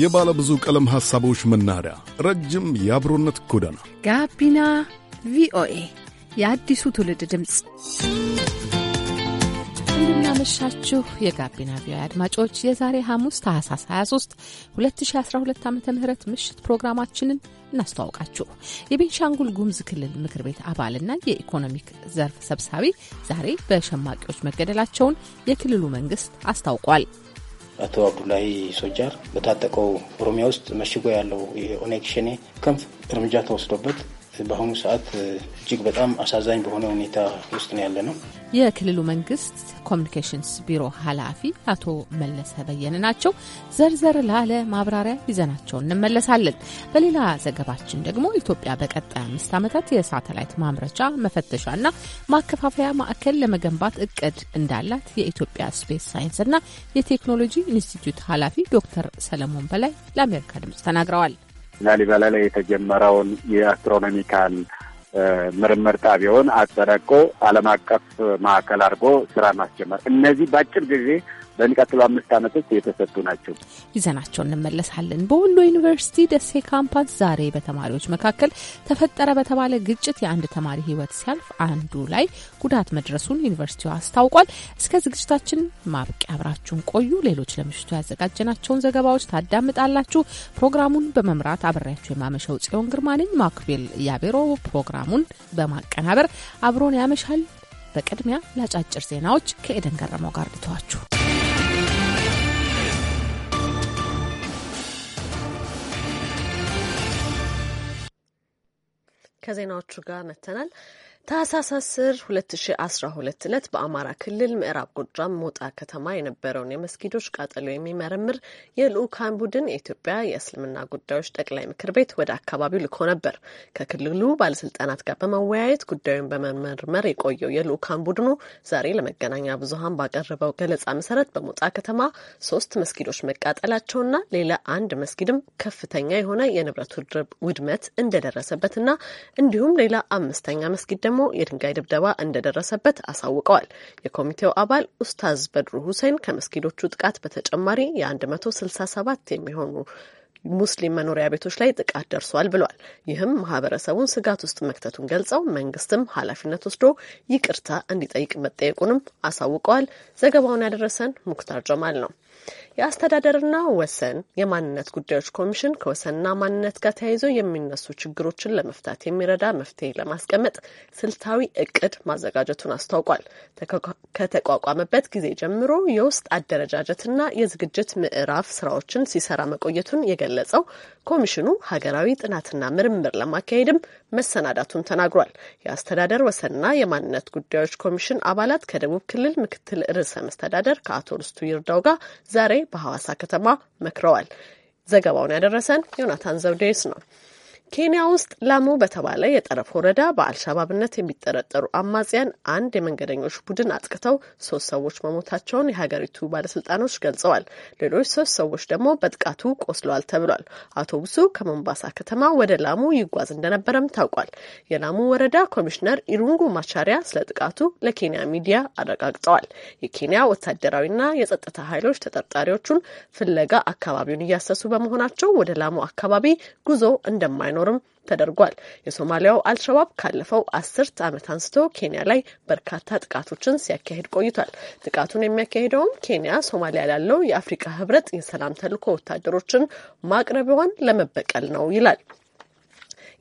የባለ ብዙ ቀለም ሐሳቦች መናኸሪያ፣ ረጅም የአብሮነት ጎዳና ጋቢና ቪኦኤ የአዲሱ ትውልድ ድምፅ። እንደምናመሻችሁ የጋቢና ቪኦኤ አድማጮች የዛሬ ሐሙስ ታህሳስ 23 2012 ዓ ም ምሽት ፕሮግራማችንን እናስተዋውቃችሁ። የቤንሻንጉል ጉሙዝ ክልል ምክር ቤት አባልና የኢኮኖሚክ ዘርፍ ሰብሳቢ ዛሬ በሸማቂዎች መገደላቸውን የክልሉ መንግሥት አስታውቋል። አቶ አብዱላሂ ሶጃር በታጠቀው ኦሮሚያ ውስጥ መሽጎ ያለው የኦነግ ሸኔ ክንፍ እርምጃ ተወስዶበት በአሁኑ ሰዓት እጅግ በጣም አሳዛኝ በሆነ ሁኔታ ውስጥ ነው ያለ ነው። የክልሉ መንግስት ኮሚኒኬሽንስ ቢሮ ኃላፊ አቶ መለሰ በየነ ናቸው። ዘርዘር ላለ ማብራሪያ ይዘናቸው እንመለሳለን። በሌላ ዘገባችን ደግሞ ኢትዮጵያ በቀጣይ አምስት ዓመታት የሳተላይት ማምረቻ መፈተሻና ማከፋፈያ ማዕከል ለመገንባት እቅድ እንዳላት የኢትዮጵያ ስፔስ ሳይንስና የቴክኖሎጂ ኢንስቲትዩት ኃላፊ ዶክተር ሰለሞን በላይ ለአሜሪካ ድምፅ ተናግረዋል። ላሊበላ ላይ የተጀመረውን የአስትሮኖሚካል ምርምር ጣቢያውን አጸደቆ ዓለም አቀፍ ማዕከል አድርጎ ስራ ማስጀመር እነዚህ በአጭር ጊዜ በሚቀጥሉ አምስት ዓመቶች የተሰጡ ናቸው። ይዘናቸው እንመለሳለን። በወሎ ዩኒቨርሲቲ ደሴ ካምፓስ ዛሬ በተማሪዎች መካከል ተፈጠረ በተባለ ግጭት የአንድ ተማሪ ሕይወት ሲያልፍ አንዱ ላይ ጉዳት መድረሱን ዩኒቨርሲቲው አስታውቋል። እስከ ዝግጅታችን ማብቂያ አብራችሁን ቆዩ። ሌሎች ለምሽቱ ያዘጋጀናቸውን ዘገባዎች ታዳምጣላችሁ። ፕሮግራሙን በመምራት አብሬያችሁ የማመሸው ጽዮን ግርማ ነኝ። ማክቤል ያቤሮ ፕሮግራሙን በማቀናበር አብሮን ያመሻል። በቅድሚያ ለአጫጭር ዜናዎች ከኤደን ገረመው ጋር ልተዋችሁ። ከዜናዎቹ ጋር መተናል ታህሳስ 10 2012 ዕለት በአማራ ክልል ምዕራብ ጎጃም ሞጣ ከተማ የነበረውን የመስጊዶች ቃጠሎ የሚመረምር የልዑካን ቡድን የኢትዮጵያ የእስልምና ጉዳዮች ጠቅላይ ምክር ቤት ወደ አካባቢው ልኮ ነበር። ከክልሉ ባለስልጣናት ጋር በመወያየት ጉዳዩን በመመርመር የቆየው የልዑካን ቡድኑ ዛሬ ለመገናኛ ብዙኃን ባቀረበው ገለጻ መሰረት በሞጣ ከተማ ሶስት መስጊዶች መቃጠላቸውና ሌላ አንድ መስጊድም ከፍተኛ የሆነ የንብረት ውድመት እንደደረሰበትና እንዲሁም ሌላ አምስተኛ መስጊድ ደግሞ ደግሞ የድንጋይ ድብደባ እንደደረሰበት አሳውቀዋል። የኮሚቴው አባል ኡስታዝ በድሩ ሁሴን ከመስጊዶቹ ጥቃት በተጨማሪ የ167 የሚሆኑ ሙስሊም መኖሪያ ቤቶች ላይ ጥቃት ደርሷል ብሏል። ይህም ማህበረሰቡን ስጋት ውስጥ መክተቱን ገልጸው መንግስትም ኃላፊነት ወስዶ ይቅርታ እንዲጠይቅ መጠየቁንም አሳውቀዋል። ዘገባውን ያደረሰን ሙክታር ጀማል ነው። የአስተዳደርና ወሰን የማንነት ጉዳዮች ኮሚሽን ከወሰንና ማንነት ጋር ተያይዞ የሚነሱ ችግሮችን ለመፍታት የሚረዳ መፍትሄ ለማስቀመጥ ስልታዊ እቅድ ማዘጋጀቱን አስታውቋል። ከተቋቋመበት ጊዜ ጀምሮ የውስጥ አደረጃጀትና የዝግጅት ምዕራፍ ስራዎችን ሲሰራ መቆየቱን የገለጸው ኮሚሽኑ ሀገራዊ ጥናትና ምርምር ለማካሄድም መሰናዳቱን ተናግሯል። የአስተዳደር ወሰንና የማንነት ጉዳዮች ኮሚሽን አባላት ከደቡብ ክልል ምክትል ርዕሰ መስተዳደር ከአቶ ርስቱ ይርዳው ጋር ዛሬ በሐዋሳ ከተማ መክረዋል። ዘገባውን ያደረሰን ዮናታን ዘውዴስ ነው። ኬንያ ውስጥ ላሙ በተባለ የጠረፍ ወረዳ በአልሸባብነት የሚጠረጠሩ አማጽያን አንድ የመንገደኞች ቡድን አጥቅተው ሶስት ሰዎች መሞታቸውን የሀገሪቱ ባለስልጣኖች ገልጸዋል። ሌሎች ሶስት ሰዎች ደግሞ በጥቃቱ ቆስለዋል ተብሏል። አውቶቡሱ ከሞምባሳ ከተማ ወደ ላሙ ይጓዝ እንደነበረም ታውቋል። የላሙ ወረዳ ኮሚሽነር ኢሩንጉ ማቻሪያ ስለ ጥቃቱ ለኬንያ ሚዲያ አረጋግጠዋል። የኬንያ ወታደራዊና የጸጥታ ኃይሎች ተጠርጣሪዎቹን ፍለጋ አካባቢውን እያሰሱ በመሆናቸው ወደ ላሙ አካባቢ ጉዞ እንደማይኖ እንዲኖርም ተደርጓል። የሶማሊያው አልሸባብ ካለፈው አስርት ዓመት አንስቶ ኬንያ ላይ በርካታ ጥቃቶችን ሲያካሂድ ቆይቷል። ጥቃቱን የሚያካሄደውም ኬንያ ሶማሊያ ላለው የአፍሪካ ህብረት የሰላም ተልዕኮ ወታደሮችን ማቅረቢዋን ለመበቀል ነው ይላል።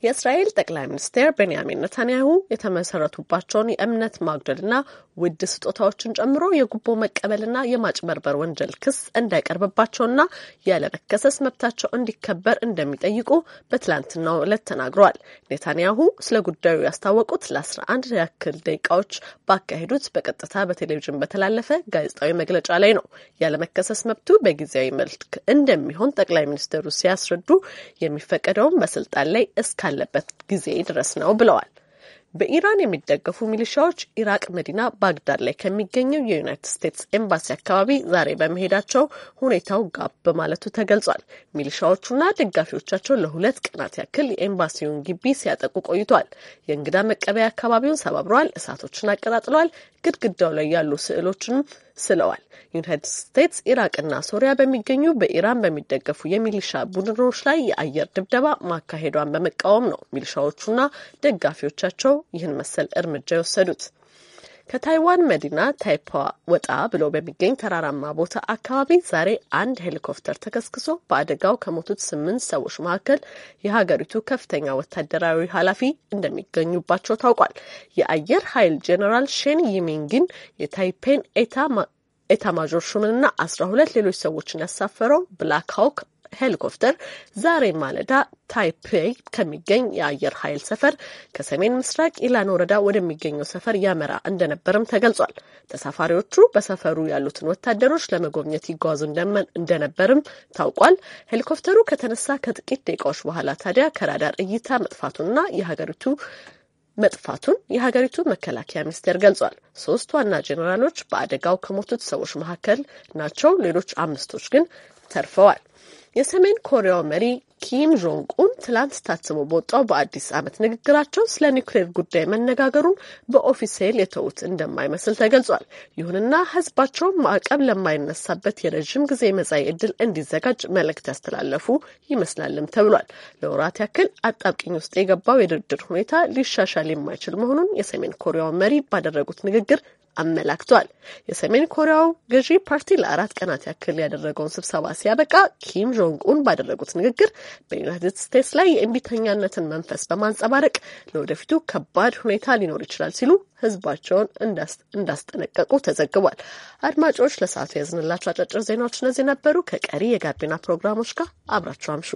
የእስራኤል ጠቅላይ ሚኒስትር ቤንያሚን ነታንያሁ የተመሰረቱባቸውን የእምነት ማጉደልና ውድ ስጦታዎችን ጨምሮ የጉቦ መቀበልና የማጭበርበር ወንጀል ክስ እንዳይቀርብባቸውና ያለመከሰስ መብታቸው እንዲከበር እንደሚጠይቁ በትላንትናው ዕለት ተናግረዋል። ኔታንያሁ ስለ ጉዳዩ ያስታወቁት ለ11 ያክል ደቂቃዎች ባካሄዱት በቀጥታ በቴሌቪዥን በተላለፈ ጋዜጣዊ መግለጫ ላይ ነው። ያለመከሰስ መብቱ በጊዜያዊ መልክ እንደሚሆን ጠቅላይ ሚኒስትሩ ሲያስረዱ የሚፈቀደውም በስልጣን ላይ እስካለበት ጊዜ ድረስ ነው ብለዋል። በኢራን የሚደገፉ ሚሊሻዎች ኢራቅ መዲና ባግዳድ ላይ ከሚገኘው የዩናይትድ ስቴትስ ኤምባሲ አካባቢ ዛሬ በመሄዳቸው ሁኔታው ጋብ በማለቱ ተገልጿል። ሚሊሻዎቹና ደጋፊዎቻቸው ለሁለት ቀናት ያክል የኤምባሲውን ግቢ ሲያጠቁ ቆይቷል። የእንግዳ መቀበያ አካባቢውን ሰባብረዋል፣ እሳቶችን አቀጣጥለዋል፣ ግድግዳው ላይ ያሉ ስዕሎችን ስለዋል። ዩናይትድ ስቴትስ ኢራቅና ሶሪያ በሚገኙ በኢራን በሚደገፉ የሚሊሻ ቡድኖች ላይ የአየር ድብደባ ማካሄዷን በመቃወም ነው ሚሊሻዎቹና ደጋፊዎቻቸው ይህን መሰል እርምጃ የወሰዱት። ከታይዋን መዲና ታይፓ ወጣ ብሎ በሚገኝ ተራራማ ቦታ አካባቢ ዛሬ አንድ ሄሊኮፕተር ተከስክሶ በአደጋው ከሞቱት ስምንት ሰዎች መካከል የሀገሪቱ ከፍተኛ ወታደራዊ ኃላፊ እንደሚገኙባቸው ታውቋል። የአየር ኃይል ጄኔራል ሼን ይሚንግን የታይፔን ኤታ ኤታማዦር ሹምንና አስራ ሁለት ሌሎች ሰዎችን ያሳፈረው ብላክ ሀውክ ሄሊኮፕተር ዛሬ ማለዳ ታይፔይ ከሚገኝ የአየር ኃይል ሰፈር ከሰሜን ምስራቅ ኢላን ወረዳ ወደሚገኘው ሰፈር ያመራ እንደነበርም ተገልጿል። ተሳፋሪዎቹ በሰፈሩ ያሉትን ወታደሮች ለመጎብኘት ይጓዙ እንደነበርም ታውቋል። ሄሊኮፕተሩ ከተነሳ ከጥቂት ደቂቃዎች በኋላ ታዲያ ከራዳር እይታ መጥፋቱንና የሀገሪቱ መጥፋቱን የሀገሪቱ መከላከያ ሚኒስቴር ገልጿል። ሶስት ዋና ጄኔራሎች በአደጋው ከሞቱት ሰዎች መካከል ናቸው። ሌሎች አምስቶች ግን ተርፈዋል። የሰሜን ኮሪያው መሪ ኪም ጆንግ ኡን ትላንት ታትሞ በወጣው በአዲስ ዓመት ንግግራቸው ስለ ኒውክሌር ጉዳይ መነጋገሩን በኦፊሴል የተዉት እንደማይመስል ተገልጿል። ይሁንና ሕዝባቸው ማዕቀብ ለማይነሳበት የረዥም ጊዜ መጻኢ ዕድል እንዲዘጋጅ መልእክት ያስተላለፉ ይመስላልም ተብሏል። ለወራት ያክል አጣብቂኝ ውስጥ የገባው የድርድር ሁኔታ ሊሻሻል የማይችል መሆኑን የሰሜን ኮሪያው መሪ ባደረጉት ንግግር አመላክቷል። የሰሜን ኮሪያው ገዢ ፓርቲ ለአራት ቀናት ያክል ያደረገውን ስብሰባ ሲያበቃ ኪም ጆንግ ኡን ባደረጉት ንግግር በዩናይትድ ስቴትስ ላይ የእምቢተኛነትን መንፈስ በማንጸባረቅ ለወደፊቱ ከባድ ሁኔታ ሊኖር ይችላል ሲሉ ሕዝባቸውን እንዳስጠነቀቁ ተዘግቧል። አድማጮች፣ ለሰዓቱ የያዝንላቸው አጫጭር ዜናዎች እነዚህ ነበሩ። ከቀሪ የጋቢና ፕሮግራሞች ጋር አብራችሁ አምሹ።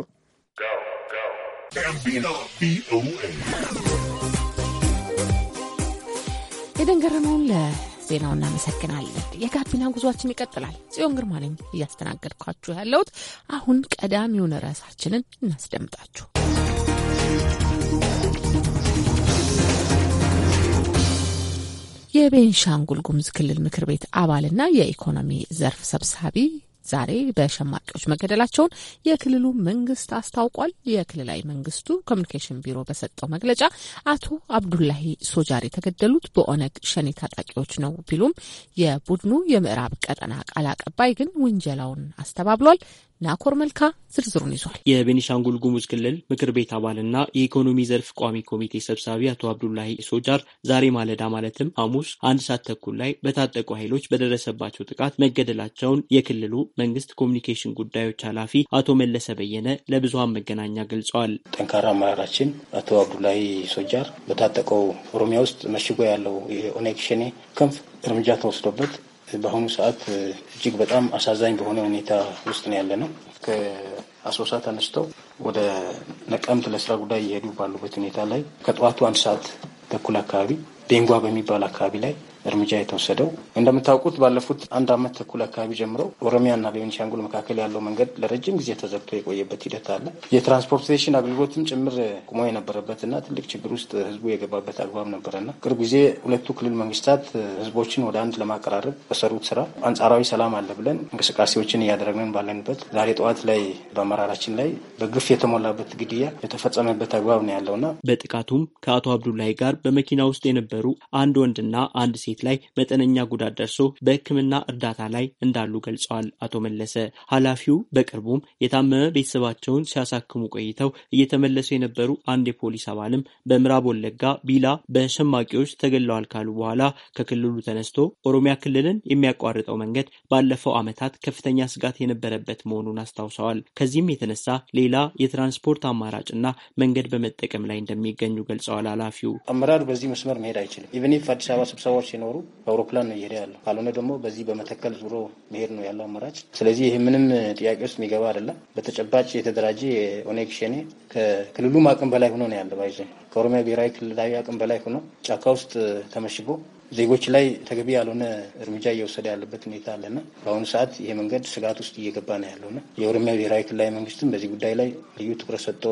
የደንገረመውን ለ ዜናው እናመሰግናለን። የጋቢና ጉዟችን ይቀጥላል። ጽዮን ግርማ ነኝ እያስተናገድኳችሁ ያለሁት። አሁን ቀዳሚውን ርዕሳችንን እናስደምጣችሁ። የቤንሻንጉል ጉሙዝ ክልል ምክር ቤት አባልና የኢኮኖሚ ዘርፍ ሰብሳቢ ዛሬ በሸማቂዎች መገደላቸውን የክልሉ መንግስት አስታውቋል። የክልላዊ መንግስቱ ኮሚኒኬሽን ቢሮ በሰጠው መግለጫ አቶ አብዱላሂ ሶጃር የተገደሉት በኦነግ ሸኔ ታጣቂዎች ነው ቢሉም የቡድኑ የምዕራብ ቀጠና ቃል አቀባይ ግን ውንጀላውን አስተባብሏል። ናኮር መልካ ዝርዝሩን ይዟል። የቤኒሻንጉል ጉሙዝ ክልል ምክር ቤት አባልና የኢኮኖሚ ዘርፍ ቋሚ ኮሚቴ ሰብሳቢ አቶ አብዱላሂ ሶጃር ዛሬ ማለዳ ማለትም ሐሙስ አንድ ሰዓት ተኩል ላይ በታጠቁ ኃይሎች በደረሰባቸው ጥቃት መገደላቸውን የክልሉ መንግስት ኮሚኒኬሽን ጉዳዮች ኃላፊ አቶ መለሰ በየነ ለብዙሀን መገናኛ ገልጸዋል። ጠንካራ አመራራችን አቶ አብዱላሂ ሶጃር በታጠቀው ኦሮሚያ ውስጥ መሽጎ ያለው የኦነግ ሸኔ ክንፍ እርምጃ ተወስዶበት በአሁኑ ሰዓት እጅግ በጣም አሳዛኝ በሆነ ሁኔታ ውስጥ ነው ያለ ነው። ከአሶሳ ተነስተው ወደ ነቀምት ለስራ ጉዳይ እየሄዱ ባሉበት ሁኔታ ላይ ከጠዋቱ አንድ ሰዓት ተኩል አካባቢ ቤንጓ በሚባል አካባቢ ላይ እርምጃ የተወሰደው። እንደምታውቁት ባለፉት አንድ አመት ተኩል አካባቢ ጀምሮ ኦሮሚያና ቤኒሻንጉል መካከል ያለው መንገድ ለረጅም ጊዜ ተዘግቶ የቆየበት ሂደት አለ። የትራንስፖርቴሽን አገልግሎትም ጭምር ቁሞ የነበረበትና ትልቅ ችግር ውስጥ ህዝቡ የገባበት አግባብ ነበረና ቅርብ ጊዜ ሁለቱ ክልል መንግስታት ህዝቦችን ወደ አንድ ለማቀራረብ በሰሩት ስራ አንጻራዊ ሰላም አለ ብለን እንቅስቃሴዎችን እያደረግን ባለንበት ዛሬ ጠዋት ላይ በአመራራችን ላይ በግፍ የተሞላበት ግድያ የተፈጸመበት አግባብ ነው ያለውና በጥቃቱም ከአቶ አብዱላይ ጋር በመኪና ውስጥ የነበሩ አንድ ወንድና አንድ ሴት ሴት ላይ መጠነኛ ጉዳት ደርሶ በሕክምና እርዳታ ላይ እንዳሉ ገልጸዋል። አቶ መለሰ ኃላፊው በቅርቡም የታመመ ቤተሰባቸውን ሲያሳክሙ ቆይተው እየተመለሱ የነበሩ አንድ የፖሊስ አባልም በምዕራብ ወለጋ ቢላ በሸማቂዎች ተገለዋል ካሉ በኋላ ከክልሉ ተነስቶ ኦሮሚያ ክልልን የሚያቋርጠው መንገድ ባለፈው ዓመታት ከፍተኛ ስጋት የነበረበት መሆኑን አስታውሰዋል። ከዚህም የተነሳ ሌላ የትራንስፖርት አማራጭና መንገድ በመጠቀም ላይ እንደሚገኙ ገልጸዋል። ኃላፊው አመራር በዚህ መስመር መሄድ አይችልም። ኢቨን አዲስ አበባ ስብሰባዎች ሳይኖሩ በአውሮፕላን ነው እየሄደ ያለው። ካልሆነ ደግሞ በዚህ በመተከል ዙሮ መሄድ ነው ያለው አማራጭ። ስለዚህ ይህ ምንም ጥያቄ ውስጥ የሚገባ አይደለም። በተጨባጭ የተደራጀ የኦነግ ሸኔ ከክልሉም አቅም በላይ ሆኖ ነው ያለ ባይዘ ከኦሮሚያ ብሔራዊ ክልላዊ አቅም በላይ ሆኖ ጫካ ውስጥ ተመሽጎ ዜጎች ላይ ተገቢ ያልሆነ እርምጃ እየወሰደ ያለበት ሁኔታ አለና በአሁኑ ሰዓት ይሄ መንገድ ስጋት ውስጥ እየገባ ነው ያለውና የኦሮሚያ ብሔራዊ ክልላዊ መንግስትም በዚህ ጉዳይ ላይ ልዩ ትኩረት ሰጥቶ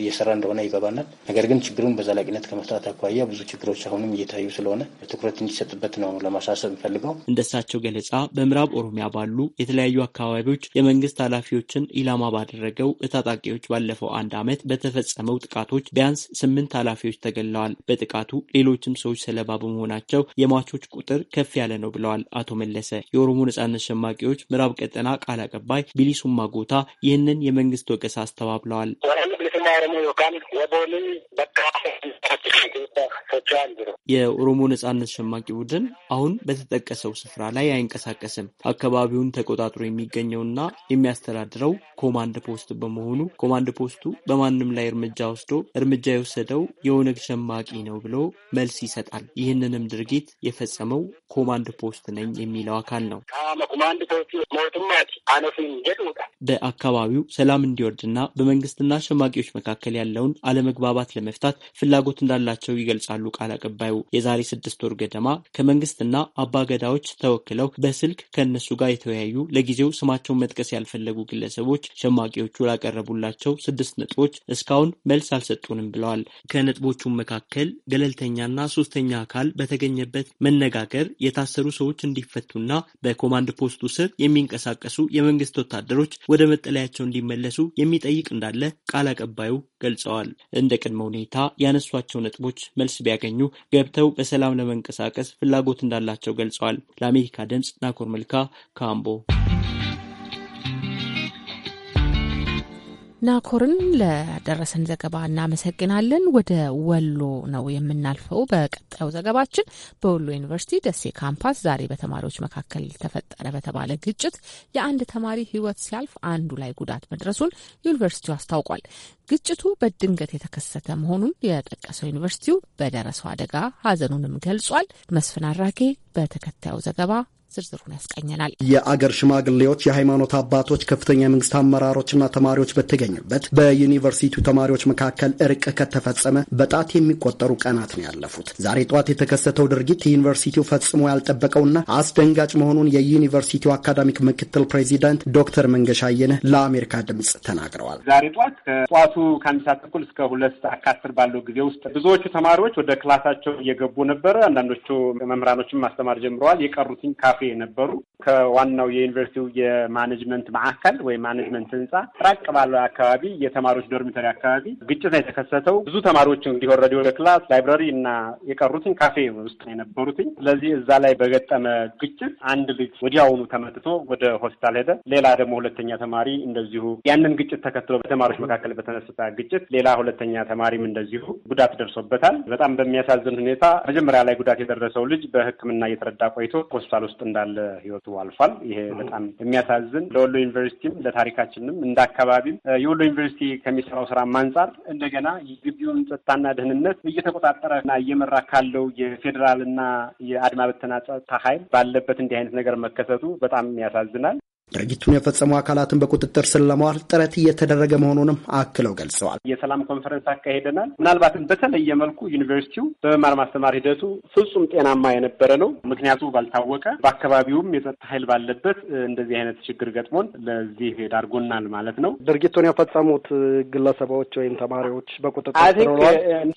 እየሰራ እንደሆነ ይገባናል። ነገር ግን ችግሩን በዘላቂነት ከመፍታት አኳያ ብዙ ችግሮች አሁንም እየታዩ ስለሆነ ትኩረት እንዲሰጥበት ነው ለማሳሰብ እንፈልገው። እንደሳቸው ገለጻ በምዕራብ ኦሮሚያ ባሉ የተለያዩ አካባቢዎች የመንግስት ኃላፊዎችን ኢላማ ባደረገው ታጣቂዎች ባለፈው አንድ ዓመት በተፈጸመው ጥቃቶች ቢያንስ ስምንት ኃላፊዎች ተገለዋል። በጥቃቱ ሌሎችም ሰዎች ሰለባ በመሆናቸው የሟቾች ቁጥር ከፍ ያለ ነው ብለዋል አቶ መለሰ። የኦሮሞ ነጻነት ሸማቂዎች ምዕራብ ቀጠና ቃል አቀባይ ቢሊሱማ ጎታ ይህንን የመንግስት ወቀሳ አስተባብለዋል። የኦሮሞ ነጻነት ሸማቂ ቡድን አሁን በተጠቀሰው ስፍራ ላይ አይንቀሳቀስም። አካባቢውን ተቆጣጥሮ የሚገኘውና የሚያስተዳድረው ኮማንድ ፖስት በመሆኑ ኮማንድ ፖስቱ በማንም ላይ እርምጃ ወስዶ እርምጃ የወሰደው የኦነግ ሸማቂ ነው ብሎ መልስ ይሰጣል። ይህንንም ድርጊት ድርጊት የፈጸመው ኮማንድ ፖስት ነኝ የሚለው አካል ነው። በአካባቢው ሰላም እንዲወርድና በመንግስትና ሸማቂዎች መካከል ያለውን አለመግባባት ለመፍታት ፍላጎት እንዳላቸው ይገልጻሉ ቃል አቀባዩ። የዛሬ ስድስት ወር ገደማ ከመንግስትና አባገዳዎች ተወክለው በስልክ ከእነሱ ጋር የተወያዩ ለጊዜው ስማቸውን መጥቀስ ያልፈለጉ ግለሰቦች ሸማቂዎቹ ላቀረቡላቸው ስድስት ነጥቦች እስካሁን መልስ አልሰጡንም ብለዋል። ከነጥቦቹም መካከል ገለልተኛና ሶስተኛ አካል በተገኘበት በሚካሄድበት መነጋገር የታሰሩ ሰዎች እንዲፈቱና በኮማንድ ፖስቱ ስር የሚንቀሳቀሱ የመንግስት ወታደሮች ወደ መጠለያቸው እንዲመለሱ የሚጠይቅ እንዳለ ቃል አቀባዩ ገልጸዋል። እንደ ቅድመ ሁኔታ ያነሷቸው ነጥቦች መልስ ቢያገኙ ገብተው በሰላም ለመንቀሳቀስ ፍላጎት እንዳላቸው ገልጸዋል። ለአሜሪካ ድምፅ ናኮር መልካ ካምቦ ናኮርን ለደረሰን ዘገባ እናመሰግናለን። ወደ ወሎ ነው የምናልፈው። በቀጣዩ ዘገባችን በወሎ ዩኒቨርሲቲ ደሴ ካምፓስ ዛሬ በተማሪዎች መካከል ተፈጠረ በተባለ ግጭት የአንድ ተማሪ ሕይወት ሲያልፍ አንዱ ላይ ጉዳት መድረሱን ዩኒቨርሲቲው አስታውቋል። ግጭቱ በድንገት የተከሰተ መሆኑን የጠቀሰው ዩኒቨርሲቲው በደረሰው አደጋ ሐዘኑንም ገልጿል። መስፍን አራጌ በተከታዩ ዘገባ ዝርዝሩን ያስቃኘናል። የአገር ሽማግሌዎች፣ የሃይማኖት አባቶች፣ ከፍተኛ የመንግስት አመራሮችና ተማሪዎች በተገኙበት በዩኒቨርሲቲው ተማሪዎች መካከል እርቅ ከተፈጸመ በጣት የሚቆጠሩ ቀናት ነው ያለፉት። ዛሬ ጠዋት የተከሰተው ድርጊት ዩኒቨርሲቲው ፈጽሞ ያልጠበቀውና አስደንጋጭ መሆኑን የዩኒቨርሲቲው አካዳሚክ ምክትል ፕሬዚዳንት ዶክተር መንገሻ አየነህ ለአሜሪካ ድምፅ ተናግረዋል። ዛሬ ጠዋት ከጠዋቱ ከአንድ ሰዓት ተኩል እስከ ሁለት ሰዓት ከአስር ባለው ጊዜ ውስጥ ብዙዎቹ ተማሪዎች ወደ ክላሳቸው እየገቡ ነበረ። አንዳንዶቹ መምህራኖችም ማስተማር ጀምረዋል። የቀሩትን ኃላፊ የነበሩ ከዋናው የዩኒቨርሲቲው የማኔጅመንት ማዕከል ወይም ማኔጅመንት ህንፃ ራቅ ባለው አካባቢ የተማሪዎች ዶርሚተሪ አካባቢ ግጭት የተከሰተው ብዙ ተማሪዎችን እንግዲህ ወረዲ ወደ ክላስ ላይብራሪ እና የቀሩትን ካፌ ውስጥ የነበሩትኝ። ስለዚህ እዛ ላይ በገጠመ ግጭት አንድ ልጅ ወዲያውኑ ተመትቶ ወደ ሆስፒታል ሄደ። ሌላ ደግሞ ሁለተኛ ተማሪ እንደዚሁ ያንን ግጭት ተከትሎ በተማሪዎች መካከል በተነሰተ ግጭት ሌላ ሁለተኛ ተማሪም እንደዚሁ ጉዳት ደርሶበታል። በጣም በሚያሳዝን ሁኔታ መጀመሪያ ላይ ጉዳት የደረሰው ልጅ በሕክምና እየተረዳ ቆይቶ ሆስፒታል ውስጥ እንዳለ ህይወቱ አልፏል። ይሄ በጣም የሚያሳዝን ለወሎ ዩኒቨርሲቲም ለታሪካችንም እንደ አካባቢም የወሎ ዩኒቨርሲቲ ከሚሰራው ስራም አንጻር እንደገና የግቢውን ጸጥታና ደህንነት እየተቆጣጠረና እየመራ ካለው የፌዴራልና የአድማ በተና ጸጥታ ኃይል ባለበት እንዲህ አይነት ነገር መከሰቱ በጣም ያሳዝናል። ድርጊቱን የፈጸሙ አካላትን በቁጥጥር ስር ለማዋል ጥረት እየተደረገ መሆኑንም አክለው ገልጸዋል። የሰላም ኮንፈረንስ አካሄደናል። ምናልባትም በተለየ መልኩ ዩኒቨርሲቲው በመማር ማስተማር ሂደቱ ፍጹም ጤናማ የነበረ ነው። ምክንያቱ ባልታወቀ በአካባቢውም የጸጥታ ኃይል ባለበት እንደዚህ አይነት ችግር ገጥሞን ለዚህ ዳርጎናል ማለት ነው። ድርጊቱን የፈጸሙት ግለሰቦች ወይም ተማሪዎች በቁጥጥር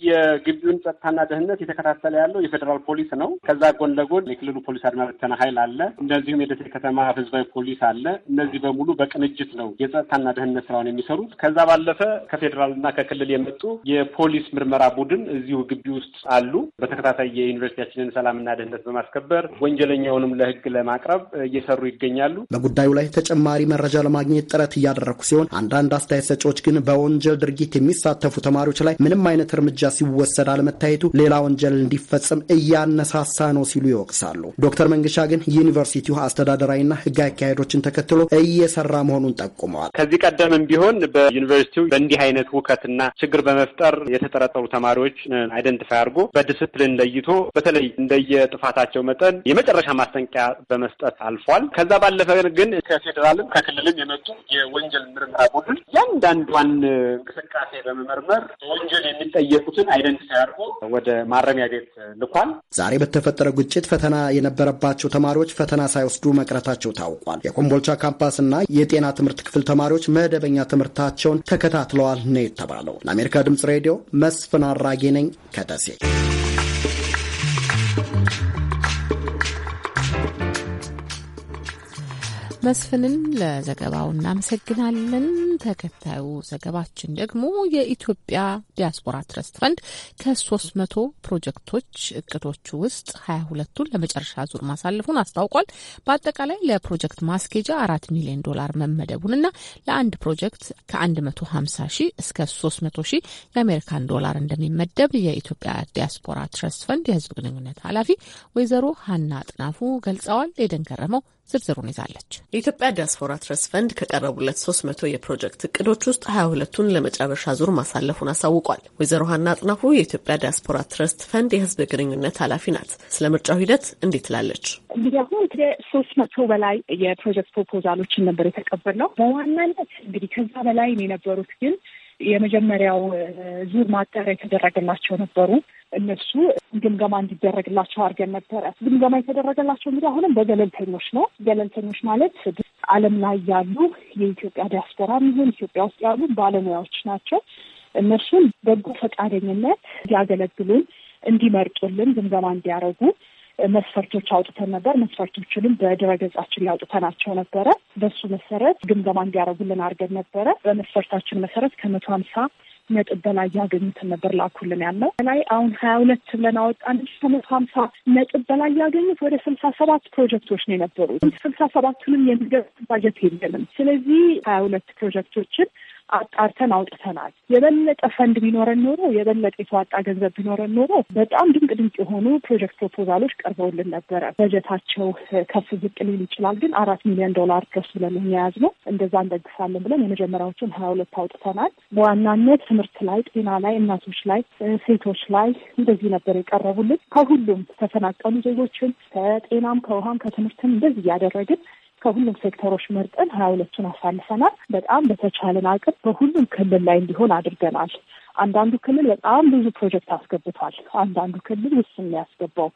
የግቢውን ጸጥታና ደህንነት የተከታተለ ያለው የፌዴራል ፖሊስ ነው። ከዛ ጎን ለጎን የክልሉ ፖሊስ አድማ ብተና ኃይል አለ። እንደዚሁም የደሴ ከተማ ህዝባዊ ፖሊስ አለ። አለ። እነዚህ በሙሉ በቅንጅት ነው የጸጥታና ደህንነት ስራውን የሚሰሩት። ከዛ ባለፈ ከፌዴራልና ከክልል የመጡ የፖሊስ ምርመራ ቡድን እዚሁ ግቢ ውስጥ አሉ። በተከታታይ የዩኒቨርሲቲያችንን ሰላምና ደህንነት በማስከበር ወንጀለኛውንም ለህግ ለማቅረብ እየሰሩ ይገኛሉ። በጉዳዩ ላይ ተጨማሪ መረጃ ለማግኘት ጥረት እያደረኩ ሲሆን አንዳንድ አስተያየት ሰጪዎች ግን በወንጀል ድርጊት የሚሳተፉ ተማሪዎች ላይ ምንም አይነት እርምጃ ሲወሰድ አለመታየቱ ሌላ ወንጀል እንዲፈጽም እያነሳሳ ነው ሲሉ ይወቅሳሉ። ዶክተር መንግሻ ግን ዩኒቨርሲቲው አስተዳደራዊና ህግ አካሄዶችን ተከትሎ እየሰራ መሆኑን ጠቁመዋል። ከዚህ ቀደምም ቢሆን በዩኒቨርሲቲው በእንዲህ አይነት ውከትና ችግር በመፍጠር የተጠረጠሩ ተማሪዎች አይደንቲፋይ አድርጎ በዲስፕሊን ለይቶ በተለይ እንደየጥፋታቸው መጠን የመጨረሻ ማስጠንቀቂያ በመስጠት አልፏል። ከዛ ባለፈ ግን ከፌዴራልም ከክልልም የመጡ የወንጀል ምርመራ ቡድን እያንዳንዷን እንቅስቃሴ በመመርመር ወንጀል የሚጠየቁትን አይደንቲፋይ አድርጎ ወደ ማረሚያ ቤት ልኳል። ዛሬ በተፈጠረው ግጭት ፈተና የነበረባቸው ተማሪዎች ፈተና ሳይወስዱ መቅረታቸው ታውቋል። የኮምቦል የኮምቦልቻ ካምፓስና የጤና ትምህርት ክፍል ተማሪዎች መደበኛ ትምህርታቸውን ተከታትለዋል ነው የተባለው። ለአሜሪካ ድምፅ ሬዲዮ መስፍን አራጌ ነኝ ከደሴ። መስፍንን ለዘገባው እናመሰግናለን። ተከታዩ ዘገባችን ደግሞ የኢትዮጵያ ዲያስፖራ ትረስት ፈንድ ከሶስት መቶ ፕሮጀክቶች እቅዶቹ ውስጥ ሀያ ሁለቱን ለመጨረሻ ዙር ማሳለፉን አስታውቋል። በአጠቃላይ ለፕሮጀክት ማስኬጃ አራት ሚሊዮን ዶላር መመደቡን እና ለአንድ ፕሮጀክት ከአንድ መቶ ሀምሳ ሺህ እስከ ሶስት መቶ ሺህ የአሜሪካን ዶላር እንደሚመደብ የኢትዮጵያ ዲያስፖራ ትረስት ፈንድ የህዝብ ግንኙነት ኃላፊ ወይዘሮ ሀና ጥናፉ ገልጸዋል። ኤደን ገረመው ዝርዝሩን ይዛለች። የኢትዮጵያ ዲያስፖራ ትረስ ፈንድ ከቀረቡለት 300 የፕሮጀክት እቅዶች ውስጥ 22ቱን ለመጨረሻ ዙር ማሳለፉን አሳውቋል። ወይዘሮ ሀና አጥናፉ የኢትዮጵያ ዲያስፖራ ትረስት ፈንድ የህዝብ ግንኙነት ኃላፊ ናት። ስለ ምርጫው ሂደት እንዴት ትላለች? እንግዲህ አሁን ከ ሶስት መቶ በላይ የፕሮጀክት ፕሮፖዛሎችን ነበር የተቀበልነው። በዋናነት እንግዲህ ከዛ በላይ የነበሩት ግን የመጀመሪያው ዙር ማጣሪያ የተደረገላቸው ነበሩ። እነሱ ግምገማ እንዲደረግላቸው አድርገን ነበረ። ግምገማ የተደረገላቸው እንግዲህ አሁንም በገለልተኞች ነው። ገለልተኞች ማለት ዓለም ላይ ያሉ የኢትዮጵያ ዲያስፖራ ይሁን ኢትዮጵያ ውስጥ ያሉ ባለሙያዎች ናቸው። እነሱን በጎ ፈቃደኝነት እንዲያገለግሉን፣ እንዲመርጡልን፣ ግምገማ እንዲያደርጉ መስፈርቶች አውጥተን ነበር። መስፈርቶቹንም በድረገጻችን ላይ አውጥተናቸው ነበረ። በሱ መሰረት ግምገማ እንዲያደርጉልን አድርገን ነበረ። በመስፈርታችን መሰረት ከመቶ ሀምሳ ነጥብ በላይ ያገኙትን ነበር ላኩልን ያለው ላይ አሁን ሀያ ሁለት ብለን አወጣን። ከመቶ ሀምሳ ነጥብ በላይ ያገኙት ወደ ስልሳ ሰባት ፕሮጀክቶች ነው የነበሩት። ስልሳ ሰባቱንም የሚገ ባጀት የለንም። ስለዚህ ሀያ ሁለት ፕሮጀክቶችን አጣርተን አውጥተናል። የበለጠ ፈንድ ቢኖረን ኖሮ የበለጠ የተዋጣ ገንዘብ ቢኖረን ኖሮ በጣም ድንቅ ድንቅ የሆኑ ፕሮጀክት ፕሮፖዛሎች ቀርበውልን ነበረ። በጀታቸው ከፍ ዝቅ ሊል ይችላል፣ ግን አራት ሚሊዮን ዶላር ድረስ ብለን የያዝ ነው እንደዛ እንደግፋለን ብለን የመጀመሪያዎችን ሀያ ሁለት አውጥተናል። በዋናነት ትምህርት ላይ፣ ጤና ላይ፣ እናቶች ላይ፣ ሴቶች ላይ እንደዚህ ነበር የቀረቡልን። ከሁሉም ተፈናቀሉ ዜጎችን ከጤናም ከውሃም ከትምህርትም እንደዚህ እያደረግን ከሁሉም ሴክተሮች መርጠን ሀያ ሁለቱን አሳልፈናል። በጣም በተቻለን አቅም በሁሉም ክልል ላይ እንዲሆን አድርገናል። አንዳንዱ ክልል በጣም ብዙ ፕሮጀክት አስገብቷል። አንዳንዱ ክልል ውስን ያስገባው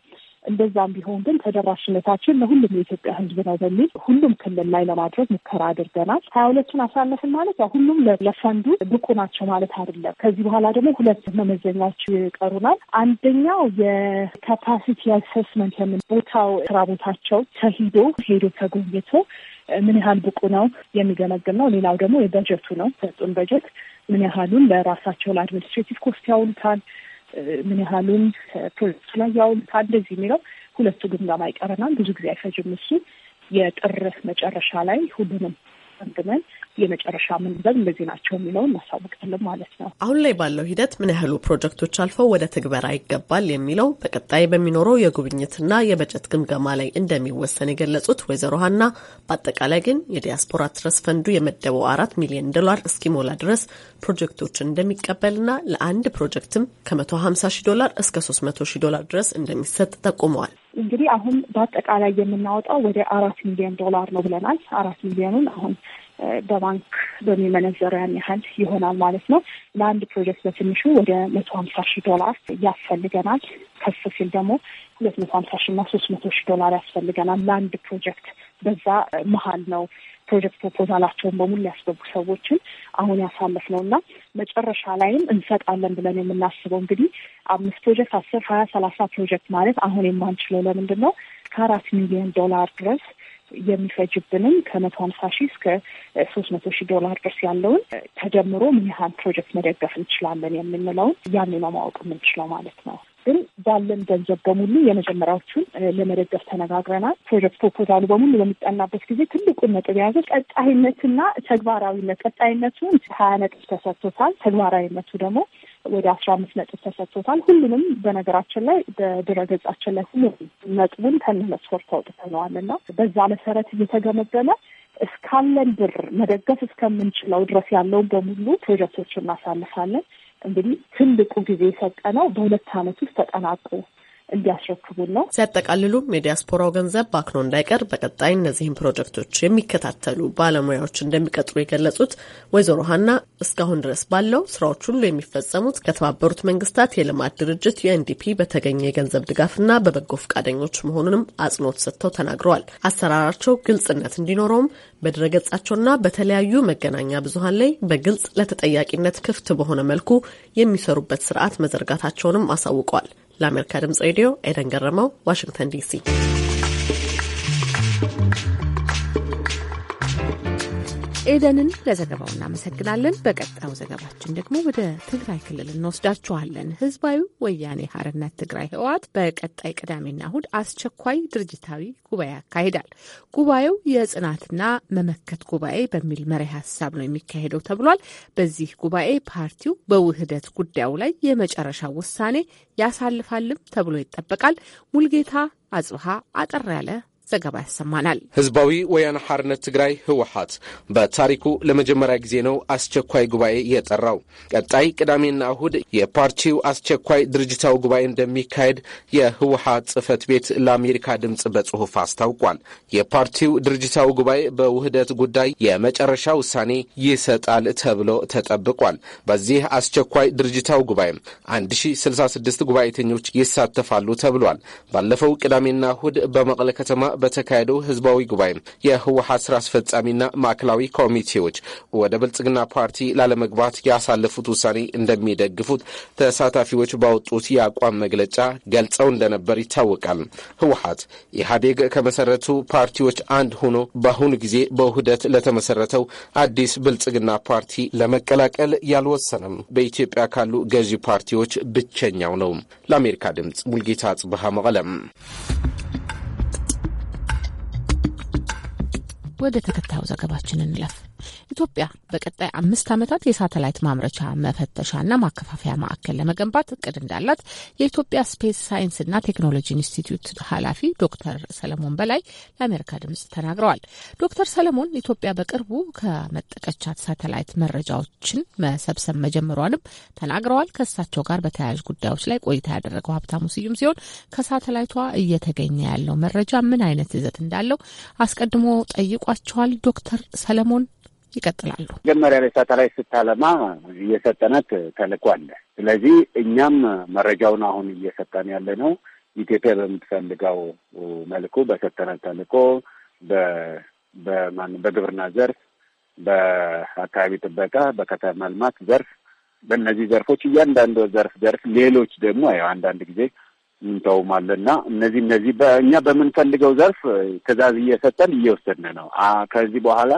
እንደዛም ቢሆን ግን ተደራሽነታችን ለሁሉም የኢትዮጵያ ሕዝብ ነው በሚል ሁሉም ክልል ላይ ለማድረግ ሙከራ አድርገናል። ሀያ ሁለቱን አሳለፍን ማለት ያው ሁሉም ለፈንዱ ብቁ ናቸው ማለት አይደለም። ከዚህ በኋላ ደግሞ ሁለት መመዘኛዎች ይቀሩናል። አንደኛው የካፓሲቲ አሴስመንት የምን ቦታው ስራ ቦታቸው ተሂዶ ሄዶ ተጎብኝቶ ምን ያህል ብቁ ነው የሚገመግም ነው። ሌላው ደግሞ የበጀቱ ነው። ሰጡን በጀት ምን ያህሉን ለራሳቸው ለአድሚኒስትሬቲቭ ኮስት ያውሉታል ምን ያህሉን ፕሮጀክቱ ላይ ያውሉታ እንደዚህ የሚለው ሁለቱ ግምገማ ይቀረናል። ብዙ ጊዜ አይፈጅም። እሱ የጥር መጨረሻ ላይ ሁሉንም ገምግመን የመጨረሻ ምንዘብ እንደዚህ ናቸው የሚለውን እናሳውቃለን ማለት ነው። አሁን ላይ ባለው ሂደት ምን ያህሉ ፕሮጀክቶች አልፈው ወደ ትግበራ ይገባል የሚለው በቀጣይ በሚኖረው የጉብኝትና የበጀት ግምገማ ላይ እንደሚወሰን የገለጹት ወይዘሮ ሀና በአጠቃላይ ግን የዲያስፖራ ትረስ ፈንዱ የመደበው አራት ሚሊዮን ዶላር እስኪሞላ ድረስ ፕሮጀክቶችን እንደሚቀበልና ለአንድ ፕሮጀክትም ከመቶ ሀምሳ ሺ ዶላር እስከ ሶስት መቶ ሺ ዶላር ድረስ እንደሚሰጥ ጠቁመዋል። እንግዲህ አሁን በአጠቃላይ የምናወጣው ወደ አራት ሚሊዮን ዶላር ነው ብለናል። አራት ሚሊዮኑን አሁን በባንክ በሚመነዘረው ያን ያህል ይሆናል ማለት ነው። ለአንድ ፕሮጀክት በትንሹ ወደ መቶ ሀምሳ ሺህ ዶላር ያስፈልገናል። ከፍ ሲል ደግሞ ሁለት መቶ ሀምሳ ሺህ እና ሶስት መቶ ሺህ ዶላር ያስፈልገናል ለአንድ ፕሮጀክት። በዛ መሀል ነው ፕሮጀክት ፕሮፖዛላቸውን በሙሉ ያስገቡ ሰዎችን አሁን ያሳለፍ ነው እና መጨረሻ ላይም እንሰጣለን ብለን የምናስበው እንግዲህ አምስት ፕሮጀክት አስር ሀያ ሰላሳ ፕሮጀክት ማለት አሁን የማንችለው ለምንድን ነው ከአራት ሚሊዮን ዶላር ድረስ የሚፈጅብንም ከመቶ ሀምሳ ሺህ እስከ ሶስት መቶ ሺህ ዶላር ድረስ ያለውን ተጀምሮ ምን ያህል ፕሮጀክት መደገፍ እንችላለን የምንለውን ያኔ ነው ማወቅ የምንችለው ማለት ነው። ግን ባለን ገንዘብ በሙሉ የመጀመሪያዎቹን ለመደገፍ ተነጋግረናል። ፕሮጀክት ፕሮፖዛሉ በሙሉ በሚጠናበት ጊዜ ትልቁን ነጥብ የያዘ ቀጣይነትና ተግባራዊነት፣ ቀጣይነቱን ሀያ ነጥብ ተሰጥቶታል። ተግባራዊነቱ ደግሞ ወደ አስራ አምስት ነጥብ ተሰጥቶታል። ሁሉንም በነገራችን ላይ በድረገጻችን ላይ ሁሉንም ነጥቡን ከነመስፈርቱ አውጥተነዋል እና በዛ መሰረት እየተገመገመ እስካለን ብር መደገፍ እስከምንችለው ድረስ ያለውን በሙሉ ፕሮጀክቶች እናሳልፋለን። እንግዲህ ትልቁ ጊዜ የሰጠ ነው። በሁለት ዓመት ውስጥ ተጠናቆ እንዲያስረክቡን ነው። ሲያጠቃልሉም የዲያስፖራው ገንዘብ ባክኖ እንዳይቀር በቀጣይ እነዚህን ፕሮጀክቶች የሚከታተሉ ባለሙያዎች እንደሚቀጥሩ የገለጹት ወይዘሮ ሀና እስካሁን ድረስ ባለው ስራዎች ሁሉ የሚፈጸሙት ከተባበሩት መንግስታት የልማት ድርጅት ዩኤንዲፒ በተገኘ የገንዘብ ድጋፍና በበጎ ፈቃደኞች መሆኑንም አጽንኦት ሰጥተው ተናግረዋል። አሰራራቸው ግልጽነት እንዲኖረውም በድረገጻቸውና በተለያዩ መገናኛ ብዙሀን ላይ በግልጽ ለተጠያቂነት ክፍት በሆነ መልኩ የሚሰሩበት ስርዓት መዘርጋታቸውንም አሳውቀዋል። ለአሜሪካ ድምጽ ሬዲዮ ኤደን ገረመው፣ ዋሽንግተን ዲሲ ኤደንን ለዘገባው እናመሰግናለን። በቀጣዩ ዘገባችን ደግሞ ወደ ትግራይ ክልል እንወስዳችኋለን። ህዝባዊ ወያኔ ሀርነት ትግራይ ህወሓት በቀጣይ ቅዳሜና እሁድ አስቸኳይ ድርጅታዊ ጉባኤ ያካሂዳል። ጉባኤው የጽናትና መመከት ጉባኤ በሚል መሪ ሀሳብ ነው የሚካሄደው ተብሏል። በዚህ ጉባኤ ፓርቲው በውህደት ጉዳዩ ላይ የመጨረሻ ውሳኔ ያሳልፋልም ተብሎ ይጠበቃል። ሙልጌታ አጽብሃ አጠር ያለ ዘገባ ያሰማናል። ህዝባዊ ወያነ ሐርነት ትግራይ ህወሀት በታሪኩ ለመጀመሪያ ጊዜ ነው አስቸኳይ ጉባኤ የጠራው። ቀጣይ ቅዳሜና እሁድ የፓርቲው አስቸኳይ ድርጅታዊ ጉባኤ እንደሚካሄድ የህወሀት ጽህፈት ቤት ለአሜሪካ ድምፅ በጽሑፍ አስታውቋል። የፓርቲው ድርጅታዊ ጉባኤ በውህደት ጉዳይ የመጨረሻ ውሳኔ ይሰጣል ተብሎ ተጠብቋል። በዚህ አስቸኳይ ድርጅታዊ ጉባኤ 1066 ጉባኤተኞች ይሳተፋሉ ተብሏል። ባለፈው ቅዳሜና እሁድ በመቀለ ከተማ በተካሄደው ህዝባዊ ጉባኤ የህወሀት ስራ አስፈጻሚና ማዕከላዊ ኮሚቴዎች ወደ ብልጽግና ፓርቲ ላለመግባት ያሳለፉት ውሳኔ እንደሚደግፉት ተሳታፊዎች ባወጡት የአቋም መግለጫ ገልጸው እንደነበር ይታወቃል። ህወሀት ኢህአዴግ ከመሰረቱ ፓርቲዎች አንድ ሆኖ በአሁኑ ጊዜ በውህደት ለተመሰረተው አዲስ ብልጽግና ፓርቲ ለመቀላቀል ያልወሰነም በኢትዮጵያ ካሉ ገዢ ፓርቲዎች ብቸኛው ነው። ለአሜሪካ ድምፅ ሙልጌታ ጽብሃ መቀለም ወደ ተከታዩ ዘገባችን እንለፍ። ኢትዮጵያ በቀጣይ አምስት ዓመታት የሳተላይት ማምረቻ መፈተሻና ማከፋፈያ ማዕከል ለመገንባት እቅድ እንዳላት የኢትዮጵያ ስፔስ ሳይንስና ቴክኖሎጂ ኢንስቲትዩት ኃላፊ ዶክተር ሰለሞን በላይ ለአሜሪካ ድምጽ ተናግረዋል። ዶክተር ሰለሞን ኢትዮጵያ በቅርቡ ከመጠቀቻት ሳተላይት መረጃዎችን መሰብሰብ መጀመሯንም ተናግረዋል። ከእሳቸው ጋር በተያያዥ ጉዳዮች ላይ ቆይታ ያደረገው ሀብታሙ ስዩም ሲሆን ከሳተላይቷ እየተገኘ ያለው መረጃ ምን አይነት ይዘት እንዳለው አስቀድሞ ጠይቋቸዋል። ዶክተር ሰለሞን ይቀጥላሉ። መጀመሪያ ላይ ሳተላይት ስታለማ እየሰጠነት ተልእኮ አለ። ስለዚህ እኛም መረጃውን አሁን እየሰጠን ያለ ነው። ኢትዮጵያ በምትፈልገው መልኩ በሰጠናት ተልእኮ በግብርና ዘርፍ፣ በአካባቢ ጥበቃ፣ በከተማ ልማት ዘርፍ በእነዚህ ዘርፎች እያንዳንዱ ዘርፍ ዘርፍ ሌሎች ደግሞ ያው አንዳንድ ጊዜ እንተውማለና እነዚህ እነዚህ በእኛ በምንፈልገው ዘርፍ ትዕዛዝ እየሰጠን እየወሰድን ነው። ከዚህ በኋላ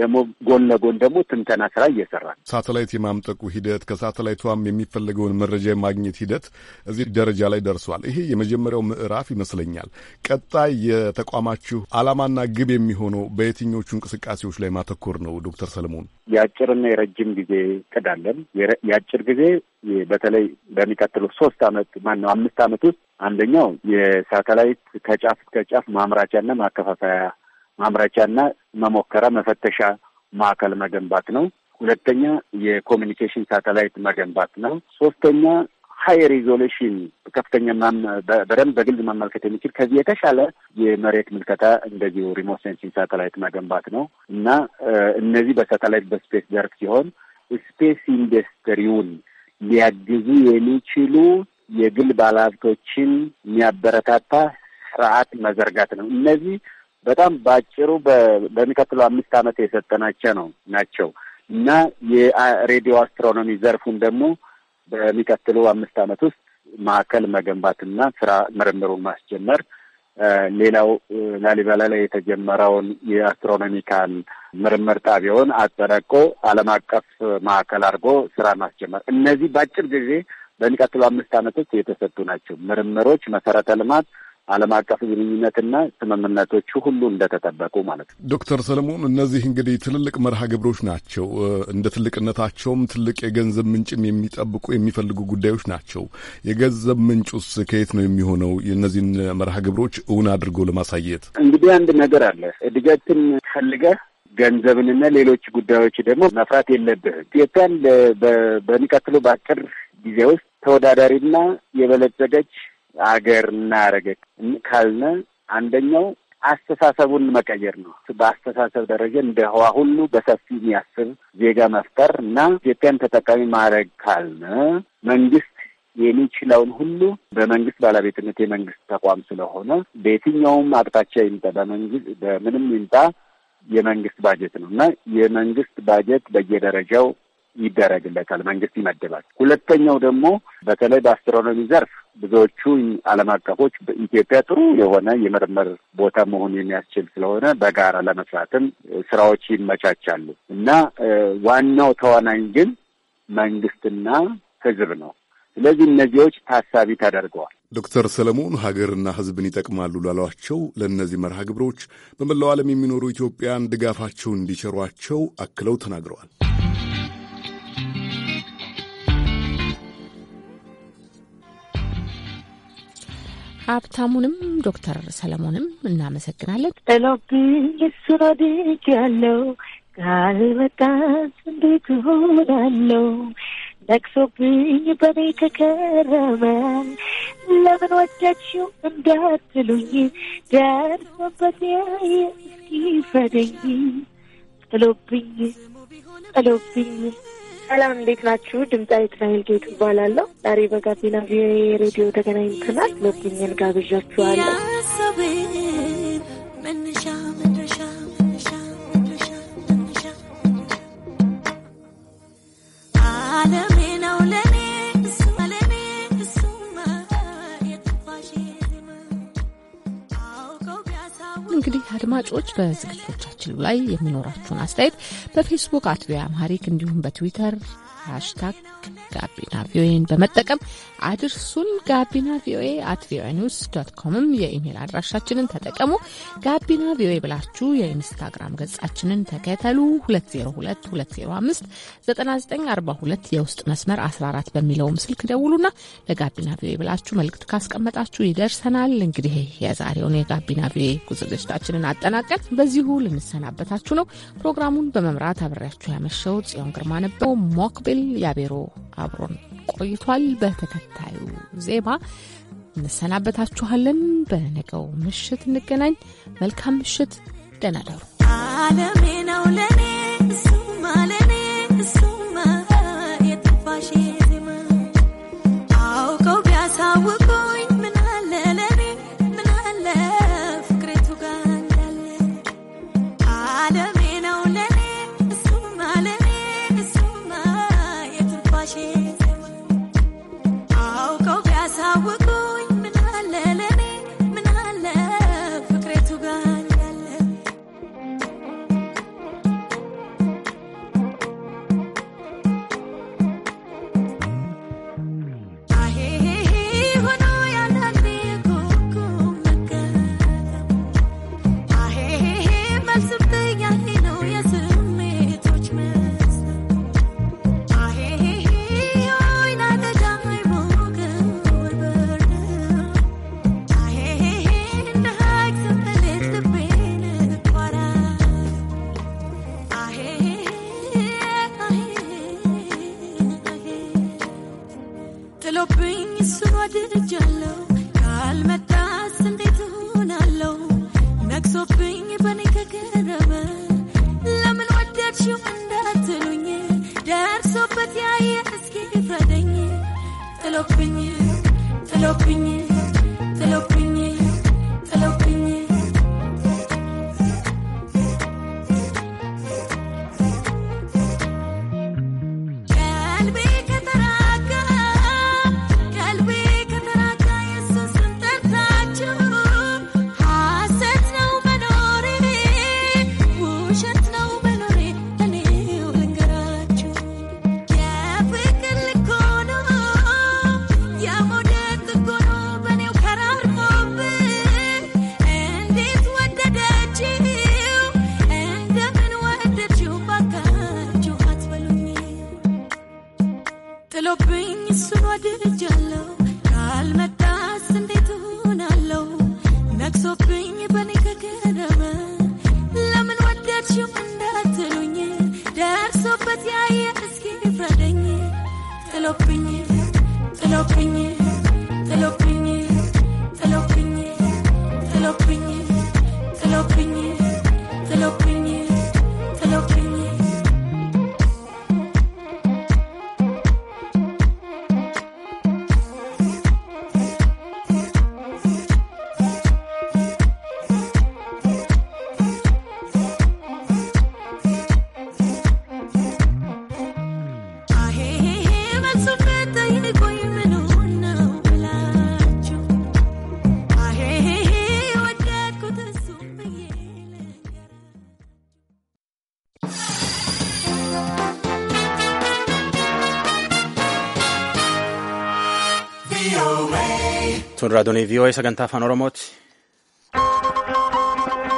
ደግሞ ጎን ለጎን ደግሞ ትንተና ስራ እየሰራ ነው። ሳተላይት የማምጠቁ ሂደት ከሳተላይቷም የሚፈለገውን መረጃ የማግኘት ሂደት እዚህ ደረጃ ላይ ደርሷል። ይሄ የመጀመሪያው ምዕራፍ ይመስለኛል። ቀጣይ የተቋማችሁ ዓላማና ግብ የሚሆነው በየትኞቹ እንቅስቃሴዎች ላይ ማተኮር ነው? ዶክተር ሰለሞን የአጭርና የረጅም ጊዜ ቅዳለን። የአጭር ጊዜ በተለይ በሚቀጥሉት ሶስት አመት ማነው አምስት አመት ውስጥ አንደኛው የሳተላይት ከጫፍ ከጫፍ ማምራቻና ማከፋፈያ ማምራቻና መሞከራ መፈተሻ ማዕከል መገንባት ነው። ሁለተኛ የኮሚኒኬሽን ሳተላይት መገንባት ነው። ሶስተኛ ሀይ ሪዞሉሽን ከፍተኛ በደንብ በግልጽ መመልከት የሚችል ከዚህ የተሻለ የመሬት ምልከታ እንደዚሁ ሪሞት ሴንሲንግ ሳተላይት መገንባት ነው እና እነዚህ በሳተላይት በስፔስ ዘርፍ ሲሆን ስፔስ ኢንዱስትሪውን ሊያግዙ የሚችሉ የግል ባለሀብቶችን የሚያበረታታ ስርዓት መዘርጋት ነው። እነዚህ በጣም በአጭሩ በሚቀጥለው አምስት ዓመት የሰጠናቸው ነው ናቸው እና የሬዲዮ አስትሮኖሚ ዘርፉን ደግሞ በሚቀጥሉ አምስት ዓመት ውስጥ ማዕከል መገንባትና ስራ ምርምሩን ማስጀመር ሌላው ላሊበላ ላይ የተጀመረውን የአስትሮኖሚካል ምርምር ጣቢያውን አጠናቆ ዓለም አቀፍ ማዕከል አድርጎ ስራ ማስጀመር እነዚህ በአጭር ጊዜ በሚቀጥሉ አምስት ውስጥ የተሰጡ ናቸው። ምርምሮች፣ መሰረተ ልማት ዓለም አቀፍ ግንኙነትና ስምምነቶቹ ሁሉ እንደተጠበቁ ማለት ነው። ዶክተር ሰለሞን እነዚህ እንግዲህ ትልልቅ መርሃ ግብሮች ናቸው። እንደ ትልቅነታቸውም ትልቅ የገንዘብ ምንጭም የሚጠብቁ የሚፈልጉ ጉዳዮች ናቸው። የገንዘብ ምንጩስ ከየት ነው የሚሆነው? የእነዚህን መርሃ ግብሮች እውን አድርጎ ለማሳየት እንግዲህ አንድ ነገር አለ። እድገትን ፈልገህ ገንዘብንና ሌሎች ጉዳዮች ደግሞ መፍራት የለብህም። ኢትዮጵያን በሚቀጥሉ በአጭር ጊዜ ውስጥ ተወዳዳሪና የበለጸገች አገር እናረገ ካልነ አንደኛው አስተሳሰቡን መቀየር ነው። በአስተሳሰብ ደረጃ እንደ ህዋ ሁሉ በሰፊ የሚያስብ ዜጋ መፍጠር እና ኢትዮጵያን ተጠቃሚ ማድረግ ካልነ መንግስት የሚችለውን ሁሉ በመንግስት ባለቤትነት የመንግስት ተቋም ስለሆነ በየትኛውም አቅጣጫ ይምጣ በመንግስት በምንም ይምጣ የመንግስት ባጀት ነው እና የመንግስት ባጀት በየደረጃው ይደረግለታል፣ መንግስት ይመድባል። ሁለተኛው ደግሞ በተለይ በአስትሮኖሚ ዘርፍ ብዙዎቹ ዓለም አቀፎች በኢትዮጵያ ጥሩ የሆነ የምርምር ቦታ መሆኑ የሚያስችል ስለሆነ በጋራ ለመስራትም ስራዎች ይመቻቻሉ እና ዋናው ተዋናኝ ግን መንግስትና ህዝብ ነው። ስለዚህ እነዚዎች ታሳቢ ተደርገዋል። ዶክተር ሰለሞን ሀገርና ህዝብን ይጠቅማሉ ላሏቸው ለእነዚህ መርሃ ግብሮች በመላው ዓለም የሚኖሩ ኢትዮጵያን ድጋፋቸውን እንዲቸሯቸው አክለው ተናግረዋል። ሀብታሙንም ዶክተር ሰለሞንም እናመሰግናለን። ጥሎብኝ እሱን ወድጅ ያለው ቃል በቃስ እንዴት ሆናለው ነቅሶብኝ በኔ ተከረመ ለምን ወጃችው እንዳትሉኝ ደርሶበት ያየ እስኪ ፈደኝ ጥሎብኝ ጥሎብኝ ሰላም እንዴት ናችሁ? ድምጻዊት ናይል ጌቱ እባላለሁ። ዛሬ በጋቢና ቪኦኤ ሬዲዮ ተገናኝተናል። ሎኪኝን ጋብዣችኋለሁ። እንግዲህ አድማጮች በዝግጅቶቻችን ላይ የሚኖራችሁን አስተያየት በፌስቡክ አት አምሃሪክ እንዲሁም በትዊተር ሃሽታግ ጋቢና ቪኦኤን በመጠቀም አድርሱን። ጋቢና ቪኦኤ አት ቪኦኤ ኒውስ ዶት ኮምም የኢሜል አድራሻችንን ተጠቀሙ። ጋቢና ቪኦኤ ብላችሁ የኢንስታግራም ገጻችንን ተከተሉ። 2022059942 የውስጥ መስመር 14 በሚለውም ስልክ ደውሉና ለጋቢና ቪኦኤ ብላችሁ መልእክት ካስቀመጣችሁ ይደርሰናል። እንግዲህ የዛሬውን የጋቢና ቪኦኤ ዝግጅታችንን አጠናቀን በዚሁ ልንሰናበታችሁ ነው። ፕሮግራሙን በመምራት አብሬያችሁ ያመሸው ጽዮን ግርማ ነበው ሞክ ክፍል ያቤሮ አብሮን ቆይቷል። በተከታዩ ዜማ እንሰናበታችኋለን። በነገው ምሽት እንገናኝ። መልካም ምሽት፣ ደህና ደሩ። አለሜ ነው ለኔ ጥሎብኝ ጥሎብኝ ደርሶበት ያየ እስኪ ፍረደኝ ጥሎብኝ ጥሎብኝ ጥሎብኝ Gurra Doonii, e VOA sagantaa Oromooti.